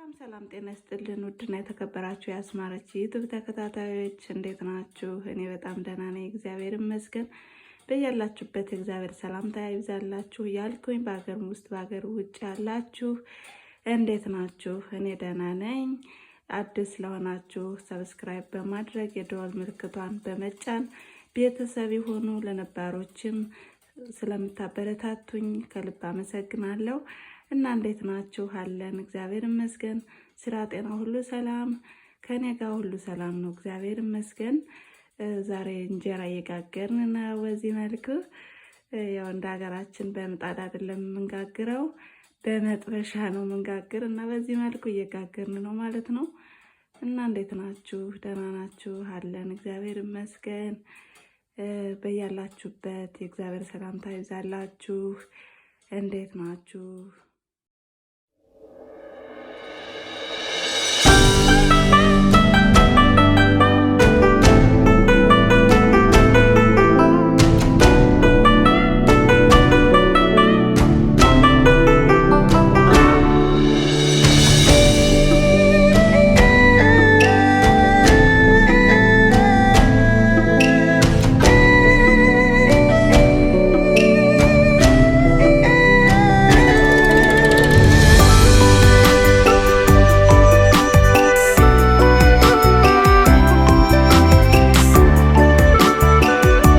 ሰላም ሰላም፣ ጤና ይስጥልን ውድና የተከበራችሁ የአስማረች ዩቱብ ተከታታዮች እንዴት ናችሁ? እኔ በጣም ደህና ነኝ፣ እግዚአብሔር ይመስገን። በያላችሁበት እግዚአብሔር ሰላምታ ይብዛላችሁ እያልኩኝ በሀገር ውስጥ በሀገር ውጭ ያላችሁ እንዴት ናችሁ? እኔ ደህና ነኝ። አዲስ ለሆናችሁ ሰብስክራይብ በማድረግ የደወል ምልክቷን በመጫን ቤተሰብ የሆኑ ለነባሮችም ስለምታበረታቱኝ ከልብ አመሰግናለሁ። እና እንዴት ናችሁ? አለን እግዚአብሔር ይመስገን። ስራ፣ ጤና ሁሉ ሰላም ከኔ ጋር ሁሉ ሰላም ነው፣ እግዚአብሔር ይመስገን። ዛሬ እንጀራ እየጋገርን ነው። በዚህ መልክ ያው እንደ ሀገራችን በምጣድ አይደለም የምንጋግረው፣ በመጥበሻ ነው የምንጋግር እና በዚህ መልኩ እየጋገርን ነው ማለት ነው። እና እንዴት ናችሁ? ደህና ናችሁ? አለን እግዚአብሔር ይመስገን። በያላችሁበት የእግዚአብሔር ሰላምታ ይብዛላችሁ። እንዴት ናችሁ?